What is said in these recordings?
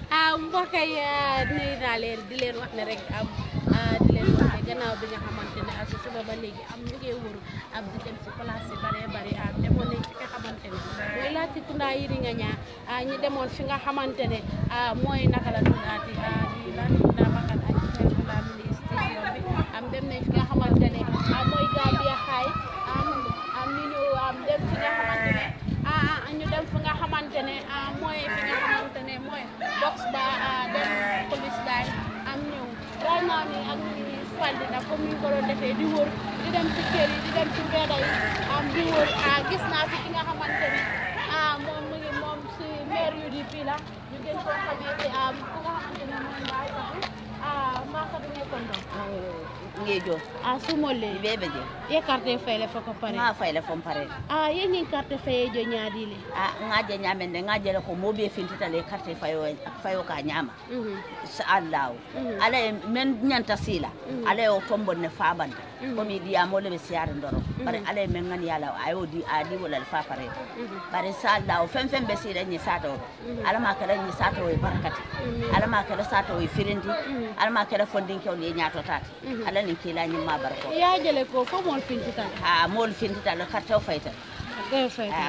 ah mbokk yi ah, nuyu naa leen di leen wax ne rek am ah, ah, di leen wax bi nga xamante ne ak suba ba léegi am ñu ngi wër am di dem si place bare bare am demoon nañ fi nga xamante ne mooy laajte kundaa yi di nga ñaa ñu demoon fi nga xamante ne mooy naka la tuddaati di laajte kundaa bakkan ak ci kundaa ministère am dem nañ fi nga famille yi ak fandi nag comme ni ñu ko doon defee di wër di dem ci kër di dem ci mbedd yi am di wër ah gis naa fi ki nga xamante ni ah moom mu moom si maire UDP la ñu gën koo xamee ci am ah, ku nga xamante ni moom Mbaye Sakho ngejo a sumole bebe je ye carte fayle foko pare ma a ye ni faye jo nyaadile a ngaje de ngaje le ko mobe fintita le carte fayo fayo ka nyama mhm. sa allah mhm. ala men nyanta sila mhm. ala o tombo ne fabanta ko mi diya mo le ndoro bare ala men ngani ayo di adi wala bare sa allah o fem fem be sira ni sato ala ma e ala ma kala sato e firindi alma kela fondin kew ni nyaato tat mhm. ala ni kila ni ma barko ya jele ko fo mol fintitan ha mol fintitan ka taw fayta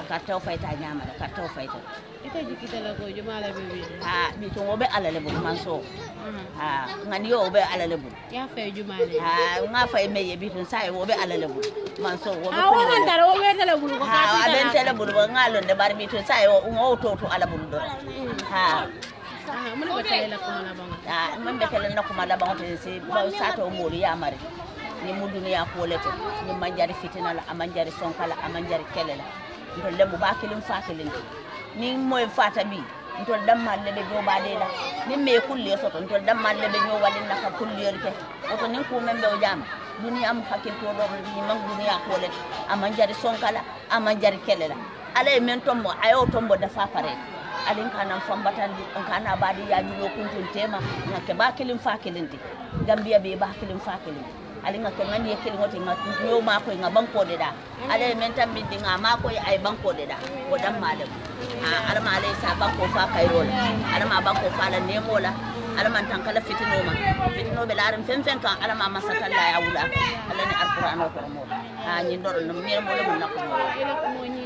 ka taw fayta nyama ka taw fayta ita jikita la ko jumala bibi ha mi to wobe ala le bu man mhm. ha ngani yo wobe ala le bu ya fay jumala ha nga fay me ye bitun sai wobe ala le bu man so wobe ha wobe ndar wobe tele bu ko ha ben tele bu ngalo de bar tun sai wo to to ala bu do mhm. ha mun be felela ko mala bango ah mun be felela ko mala bango te se ba sato mo ya mari ni mu duniya ko lete ni manjari fitina la amanjari sonkala amanjari kelela ndo lebu ba kelin fa kelin ni moy fata bi ntol dammal le be jobade la ni me kulli soto ntol dammal le be nyowali na ka kulli yorke oto ni ko membe o jam duniya mu hakil to do ni man duniya ko lete amanjari sonkala amanjari kelela ala e men tombo ayo tombo da fa pare alin kana fambatandi on kana kuntun tema na ke ba kilin fa kilindi gambiya be ba kilin fa kilindi ali ŋa ke ŋani ye kiliŋo ti ma ko nga banko de da ala men meŋ taŋ miŋ ma ŋa makoy a banko de da wo daŋ a ar ma ala sa banko fa kai rol ar ma banko fa la nemo la ar man tan kala fitino ma fitino be la ariŋ fen fen ka ar ma masakalla la ya wula ala ni alkurano toromo a no mi mo le mo na ni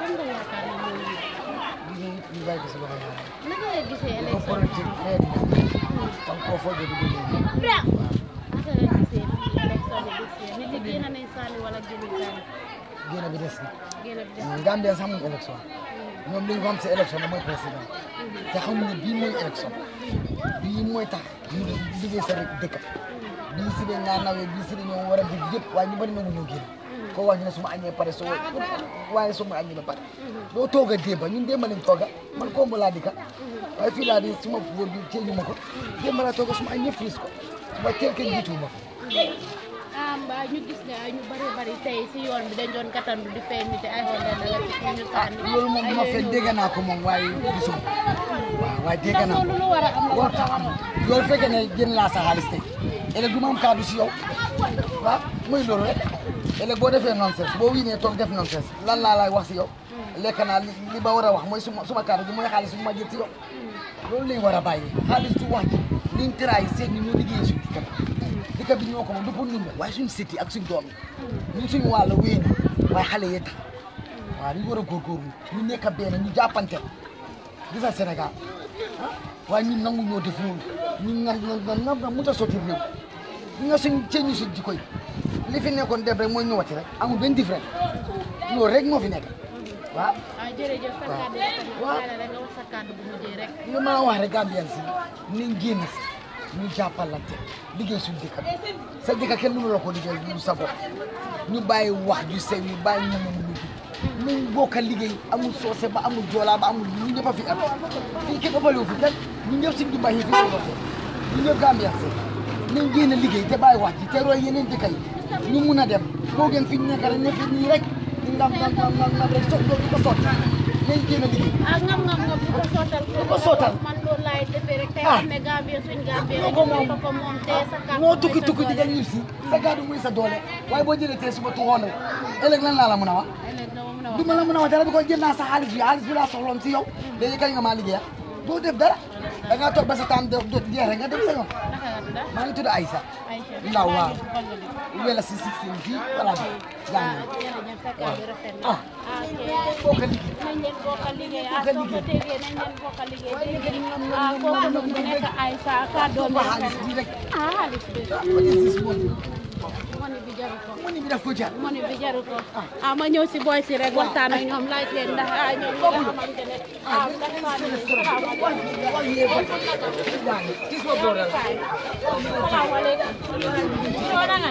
kan nga yaakaar ne mooy lii. lii ñu bàyyi ko si loxo yàlla. naka nga gisee élection bi. bu ko xool ci nawet bi nag. da nga koo foog dugg léegi. waaw. naka nga gisee élection bi des nit ñi génn nañ saali wala génn saali. génn bi des na. génn bi des na Gambia sax amul élection. ñoom li ñu ko am si élection bi mooy président. te xam nga bii mooy élection. bii mooy tax ñu liggéey sa dëkk. bii si ne naa nawee bii si ne ñoo war a dig yëpp waaye ñu bëri na ñu ñoo génn. ko wax ñu ne su ma añee pare su waaye su ma añee ba pare doo toog a démba ñun démba lañ tooga man koomba laa di ka waaye fii laa suma góor bi teeñu ma ko démba laa tooga su ma añee fiis ko waaye teel kenn jiitu ma amba ñu gis ne ñu bari bari tey si yoon bi dañ doon katandu di feeñ te ay xool dana la ñu tànn ah, loolu moom ma feeñ dégg naa ne jën laa sa xaalis tey ëllëg du ma am si yow waaw mooy loolu rek léeg-léeg boo defee nonsense boo wiinee toog def nonsense lan laa lay wax si yow hmm. lekk naa li ba war a wax mooy suma suma kàddu gi mooy xaalis bu ma jël si yow hmm. loolu lañ war a bàyyi xaalis du wax ji liñ tëraay seet ñi hmm. ñoo liggéeyee suñu dikka bi ko moom du pour ñun la waaye suñu sët yi ak suñu doom yi ñun suñu wàll wéy xale yee tax waaw dañu war a góorgóorlu ñu nekk a benn ñu jàppante gisal Sénégal ah waaye ñun nangu ñoo def loolu ñun nga nga nga nga mën a sotti réew ñi nga suñ ceeñu suñ jikko yi li fi nekkoon def rek mooy ñu wàcc rek amul benn différence loolu rek moo fi nekk waa waaw jërëjëf sa kàddu nga wax sa kàddu bu mujjee rek. li ma wax si nañ génn si ñu jàppalante liggéey suñu dëkk sa dëkk kenn mënu la ko liggéey ñu sa bopp ñu bàyyi wax ju sew ñu bàyyi ñu mu mujj luñ bokk a liggéey amul soose ba amul joolaa ba amul ñu ñëpp a fi am fii kenn ëppalewu fi kenn ñu ñëpp si jumbaay yi fi ñu ñëpp Gambien si nañ génn liggéey te bàyyi wax ji te roy yeneen dëkk yi ñu mun a dem moo gën fi ñu nekk rek nekk nii rek di ndam ndam a nga si sa kàddu muy doole waaye boo jëlee tey suba tuxoon rek ëllëg laa la mun a wax. du ma la mun a wax dara bi ko jël naa sa xaalis bi xaalis si yow léegi kañ nga maa liggéeyal doo def dara da ngaa toog ba sa temps def jeex nga dem sa yoon maa ngi tudd Aïssa Ndaw waaw wela si si sin bi wala bi jàng ah, ah. ah bokk liggéey nañ leen bokk liggéey ah soo ko tegee nañ leen bokk liggéey ah, ah kooku mu nekk Aïssa ka doon ah xaalis bi rek ah xaalis bi bi jaru ko money bi daf ko si boy si rek waxtaan ak ñoom laaj leen ndax ah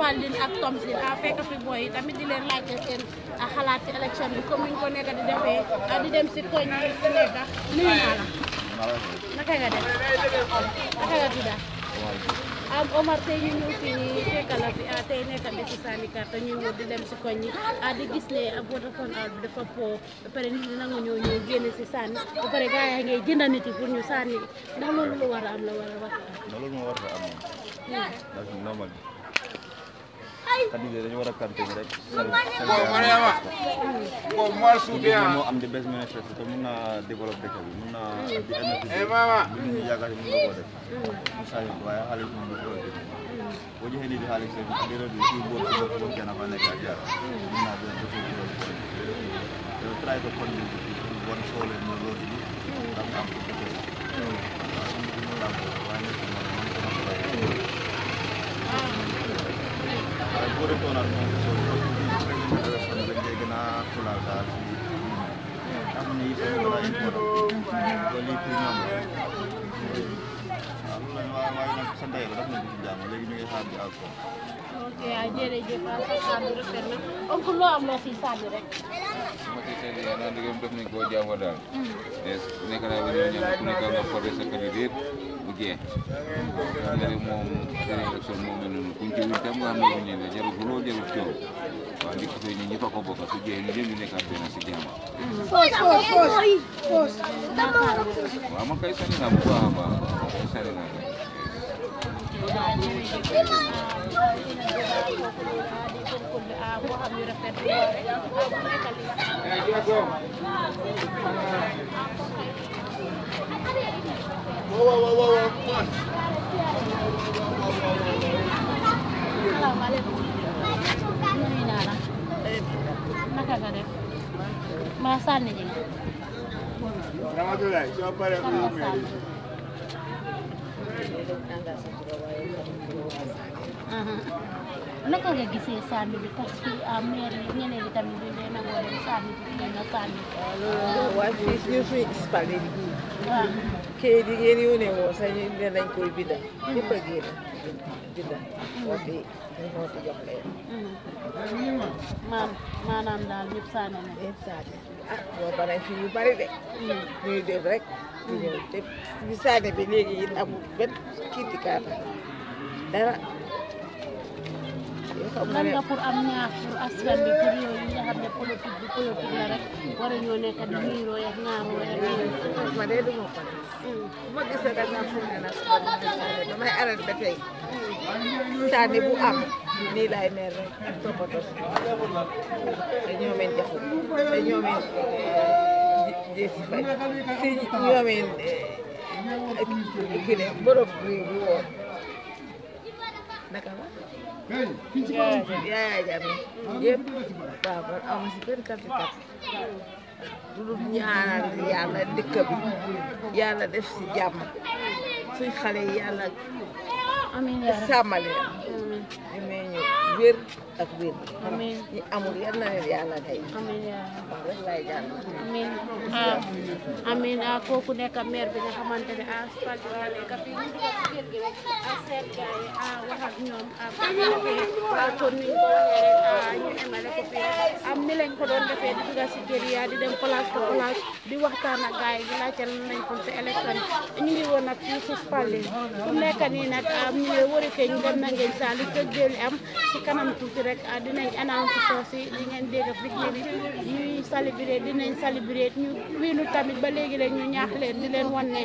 Ousmane Line ak Toms Line a ah, fekk fi booy yi tamit di leen laajte seen ah, xalaat ci élection bi comme ni ñu ko nekk di defee ah, di dem si koñ yi si nekk nuyu naa la. naka nga ñu ñëw fii nii fekk la fi tey nekk a bési sànni carte ñu ñëw di dem si koñ yi di gis dafa poo ba nit ñi nangu ñëw ñëw génn si sànni ba pare gars yaa ngay jënd nit yi pour ñu sànni ndax loolu lu war a am la war a wax. loolu moo war a am moom. ndax normal bi. candidat dañu war a campagne rek. boobu Mariama boobu moo suufee ah moo am di best ministre te mun naa développer dëkk bi mun naa di énergie bi ñu yaakaar mun na ko def saa yu waaye xaalis mun na ko def boo joxee nit yi xaalis rek di rëdd ci bopp bopp bopp kenn fa nekk ak yàlla mun naa dina def loolu loolu yow try to convince people bon soo leen loolu ndax am bi ak ko ok ah, jërëjëf alhamdulilah rafet na donc loo am loo siy sànni rek. ma siy sànni yàlla naa liggéeyam def nañ koo jaamu daal. Hmm. te nekk naa ba ñoom ñoom ku nekk nga foree sa candidat bu jeex. nga ne moom seen élection moo mel noonu kuñ ci wuñ tam nga xam ne wuñ leen la jarul guloo jarul coow waaw li ko fay ñu ñëpp a ko bokk su jeexee ñu dem ñu nekkaat benn si jàmm. foos foos foos foos. waaw man kay sànni naa bu baax a baax waaw kay sànni naa Masa nih, whoa, whoa, siapa yang ya? naka nga gisee sànni bi parce que maire yi ñeneen yi tamit ñu leen a war a sànni bi kii na sànni. waaw waaye fii ñu suñu ispale di kii. waaw kii di ngeen yónnee woon sax ñu ne lañ koy bidda. ñëpp uh-huh. a génn bidda. wax dëgg ñu uh-huh. xool jox leen. maam maanaam daal ñëpp sànni na. ñëpp sànni ah boo paree fii yu bari de. ñuy mm. def rek. te wisaane bi léegi it amul benn kiiti kaata dara. lan nga pour am ñaax pour askan bi pour yooyu nga xam ne politique bi la rek war a ñoo nekk di miiroo yeeg ñaaroo yeeg yooyu. Mm. Mm. ma dee du ma ko bu ma gisee rek naa foog ne nag damay arrêté ba tey saani bu am nii laay mel rek ak toppatoo te ñoo mel jaxu Jési Faye si ñoomeen Guinée borom réew mi woon naka la Yaya Jammeh yëpp waaw man aw ma si benn kàtt kàtt du dul ñaanal yàlla dëkk bi yàlla def si jàmm suñ xale yàlla Amin yaa rabbi ak wér amiin ñu amul yal na leen yàlla day ya rek laay jàll amiin ah, amiin ah, a kooku nekk maire bi nga xamante a Fatou Ba nekk fii ñu dugal ci kër gi rek a seet gars a wax ak ñoom a a kon ko waxee rek ah, a ñu emale ko fii am ni lañ ko doon defee di dugal si kër yi di dem place ko place di waxtaan ak gars yi di laajte lañ ko si élection ñu ngi ñëwee wari keñ dem na ngeen saa li tëj li am si kanam tuuti rek ah, dinañ annoncé soos yi di ngeen dégg figéen yi ñuy célébrer dinañ célébrer ñu wiinu tamit ba léegi rek ñu ñaax leen di leen wan ne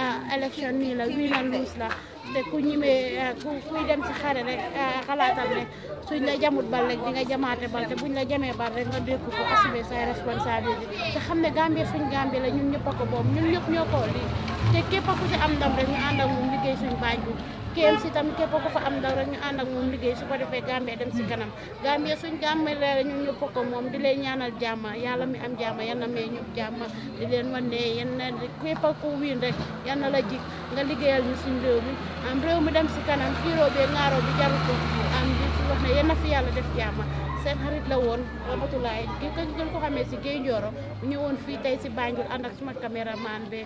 ah, élection nii la wii na luus la te ku ñimee ah, ku kuy dem si xare rek xalaatal ne suñ la jamut bal rek di nga jamaate bal te buñ la jamee bal rek nga dékku ko assumer say responsabilité te xam ne Gambie suñ Gambie la ñun ñëpp a ko boobu ñun ñëpp ñoo ko lii te képp ku ci KMC tamit képp ko fa am ndaw rek ñu ànd ak moom liggéey su ko defee Gambie dem si kanam Gambie suñ Gambie la ñu ñëpp moom di leen ñaanal jàmm yàlla mi am jàmm yal na may ñëpp di leen wan ne yal na képp ku wiin rek yal na la jig nga liggéeyal ñu suñ réew mi am réew mi dem si kanam xiiroo bee ŋaaroo bi jaru am di wax ne na fi yàlla def jàmm seen xarit la woon Ramatoulaye ki ko gën ko xamee si Guèye Njoro ñëwoon fii tey si Banjul ànd ak suma caméraman bi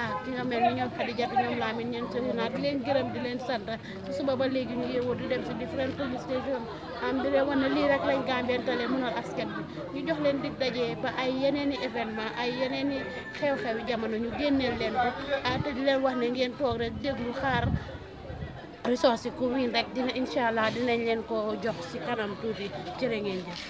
ah ki nga mel ni ñoom Xadijatu ñoom Lamine ñeen Serina di leen gërëm di leen sant su suba ba léegi ñu ngi wër di dem si different police station am di leen wan na lii rek lañ gàmbeentale mënal askan bi ñu jox leen dig daje ba ay yeneen i événement ay yeneen i xew-xewi jamono ñu génneel leen ko ah te di leen wax ne ngeen toog rek déglu xaar ressources yi ku wiin rek dina incha allah dinañ leen ko jox si kanam tuuti jërë ngeen jëf